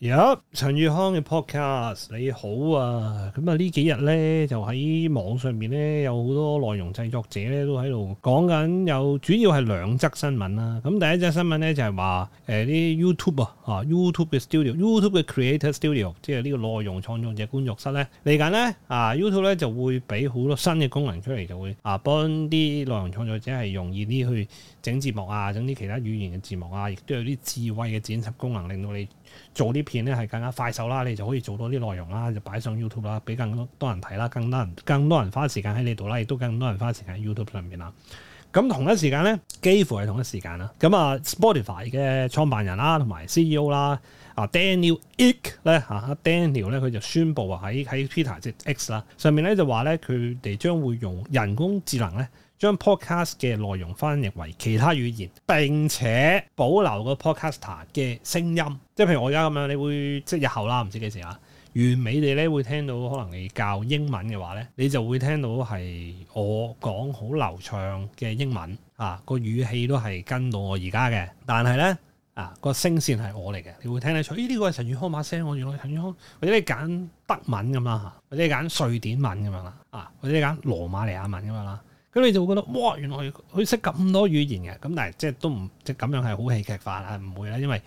有、yep, 陳宇康嘅 podcast，你好啊！咁、嗯嗯就是呃、啊，io, studio, 呢幾日咧就喺網上面咧有好多內容製作者咧都喺度講緊，有主要係兩則新聞啦。咁第一則新聞咧就係話，誒啲 YouTube 啊，YouTube 嘅 studio、YouTube 嘅 creator studio，即係呢個內容創作者工作室咧嚟緊咧啊，YouTube 咧就會俾好多新嘅功能出嚟，就會啊幫啲內容創作者係容易啲去整字幕啊，整啲其他語言嘅字幕啊，亦都有啲智慧嘅剪輯功能，令到你，做啲片咧係更加快手啦，你就可以做多啲內容啦，就擺上 YouTube 啦，俾更多人睇啦，更多人更多人花時間喺你度啦，亦都更多人花時間喺 YouTube 上面啦。咁同一時間咧，幾乎係同一時間啦。咁啊，Spotify 嘅創辦人啦，同埋 CEO 啦，啊 Daniel Ek 咧嚇，Daniel 咧佢就宣布啊喺喺 Twitter 即 X 啦上面咧就話咧佢哋將會用人工智能咧將 podcast 嘅內容翻譯為其他語言，並且保留個 podcaster 嘅聲音。即係譬如我而家咁樣，你會即係日後啦，唔知幾時啊？完美地咧，會聽到可能你教英文嘅話咧，你就會聽到係我講好流暢嘅英文，啊個語氣都係跟到我而家嘅。但係咧啊個聲線係我嚟嘅，你會聽得出。咦？呢、哎這個係陳宇康把聲，我原來陳宇康。或者你揀德文咁啦嚇，或者你揀瑞典文咁樣啦，啊或者你揀羅馬尼亞文咁樣啦，咁你就會覺得哇，原來佢佢識咁多語言嘅。咁但係即係都唔即係咁樣係好戲劇化，係唔會啦，因為。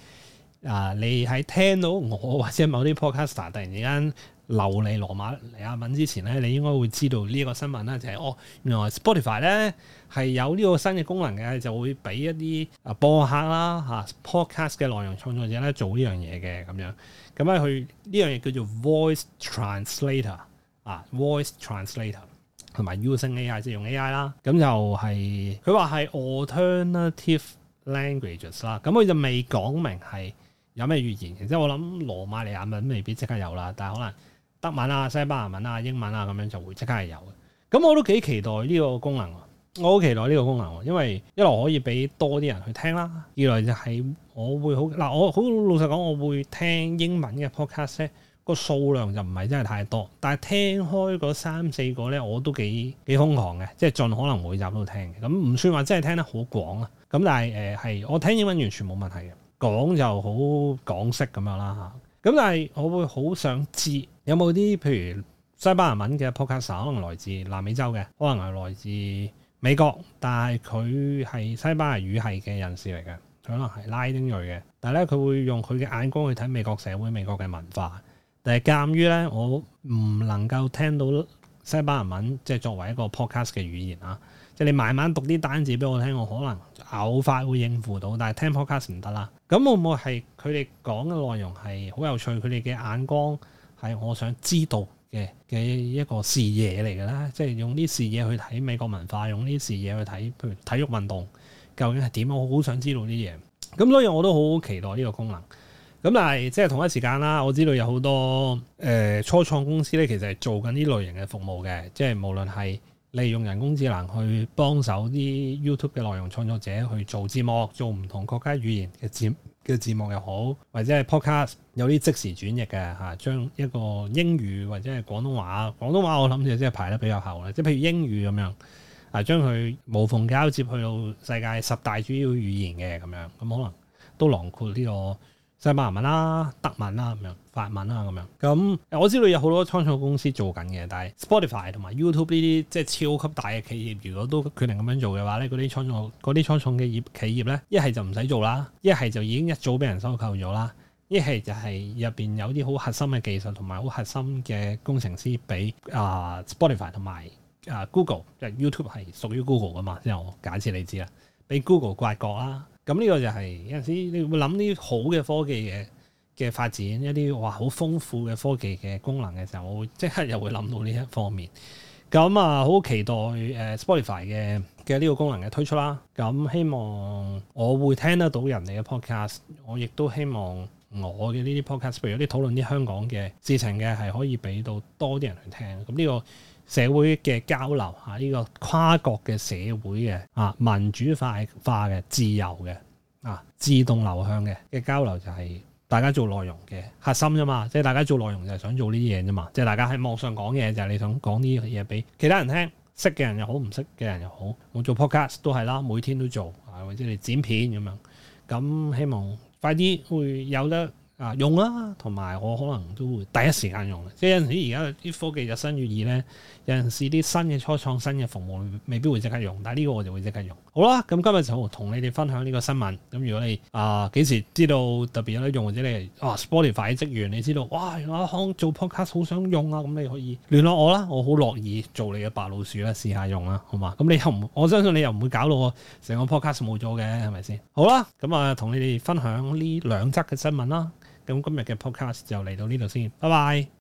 啊！你喺聽到我或者某啲 podcaster 突然之間流利羅馬尼亞文之前咧，你應該會知道呢一個新聞啦，就係、是、哦，原來 Spotify 咧係有呢個新嘅功能嘅，就會俾一啲啊播客啦嚇、啊、podcast 嘅內容創作者咧做呢樣嘢嘅咁樣。咁咧佢呢樣嘢叫做 voice translator 啊，voice translator 同埋 using AI 即係用 AI 啦。咁就係、是、佢話係 alternative languages 啦。咁佢就未講明係。有咩語言？其實我諗羅馬尼亞文未必即刻有啦，但係可能德文啊、西班牙文啊、英文啊咁樣就會即刻係有嘅。咁我都幾期待呢個功能，我好期待呢個功能，因為一來可以俾多啲人去聽啦，二來就係我會好嗱，我好老實講，我會聽英文嘅 podcast，個數量就唔係真係太多，但係聽開嗰三四個呢，我都幾幾瘋狂嘅，即係盡可能每集都聽嘅。咁唔算話真係聽得好廣啊，咁但係誒係我聽英文完全冇問題嘅。講就好港式咁樣啦嚇，咁但係我會好想知有冇啲譬如西班牙文嘅 podcast 可能來自南美洲嘅，可能係來自美國，但係佢係西班牙語系嘅人士嚟嘅，佢可能係拉丁裔嘅，但係咧佢會用佢嘅眼光去睇美國社會、美國嘅文化，但係鑑於咧我唔能夠聽到西班牙文，即係作為一個 podcast 嘅語言啊。即係你慢慢讀啲單字俾我聽，我可能偶然會應付到，但係聽 podcast 唔得啦。咁會唔會係佢哋講嘅內容係好有趣？佢哋嘅眼光係我想知道嘅嘅一個視野嚟嘅咧。即係用啲視野去睇美國文化，用啲視野去睇譬如體育運動究竟係點？我好想知道啲嘢。咁所以我都好期待呢個功能。咁但係即係同一時間啦，我知道有好多誒、呃、初創公司咧，其實係做緊呢類型嘅服務嘅，即係無論係。利用人工智能去幫手啲 YouTube 嘅內容創作者去做字幕，做唔同國家語言嘅字嘅字幕又好，或者係 Podcast 有啲即時轉譯嘅嚇、啊，將一個英語或者係廣東話，廣東話我諗就即係排得比較後啦，即係譬如英語咁樣啊，將佢無縫交接去到世界十大主要語言嘅咁樣，咁、啊、可能都囊括呢、這個。即係馬文啦、德文啦、咁樣法文啦、咁樣。咁、嗯、我知道有好多初創公司做緊嘅，但係 Spotify 同埋 YouTube 呢啲即係超級大嘅企業，如果都決定咁樣做嘅話咧，啲初創啲初創嘅業企業咧，一係就唔使做啦，一係就已經一早俾人收購咗啦，一係就係入邊有啲好核心嘅技術同埋好核心嘅工程師俾啊、呃、Spotify 同埋啊 Google，即 YouTube 係屬於 Google 噶嘛，即係我假設你知啦，俾 Google 挖角啦。咁呢個就係有陣時你會諗啲好嘅科技嘅嘅發展，一啲哇好豐富嘅科技嘅功能嘅時候，我會即刻又會諗到呢一方面。咁、嗯、啊，好期待誒 Spotify 嘅嘅呢個功能嘅推出啦。咁、嗯、希望我會聽得到人哋嘅 podcast，我亦都希望我嘅呢啲 podcast，譬如有啲討論啲香港嘅事情嘅，係可以俾到多啲人去聽。咁、嗯、呢、這個社會嘅交流嚇，呢、這個跨國嘅社會嘅啊民主化化嘅自由嘅。啊！自動流向嘅嘅交流就係大家做內容嘅核心啫嘛，即係大家做內容就係想做呢啲嘢啫嘛，即係大家喺網上講嘢就係、是、你想講呢啲嘢俾其他人聽，識嘅人又好，唔識嘅人又好。我做 podcast 都係啦，每天都做，或者你剪片咁樣，咁、嗯、希望快啲會有得。啊，用啦、啊，同埋我可能都會第一時間用。即係有陣時，而家啲科技日新月異咧，有陣時啲新嘅初創新嘅服務未必會即刻用，但係呢個我就會即刻用。好啦，咁今日就同你哋分享呢個新聞。咁如果你啊幾、呃、時知道特別有得用，或者你啊 Spotify 職員，你知道哇，原來我做 podcast 好想用啊，咁你可以聯絡我啦，我好樂意做你嘅白老鼠啦，試下用啦、啊，好嘛？咁你又唔，我相信你又唔會搞到我成個 podcast 冇咗嘅，係咪先？好啦，咁啊同你哋分享呢兩則嘅新聞啦。咁今日嘅 podcast 就嚟到呢度先，拜拜。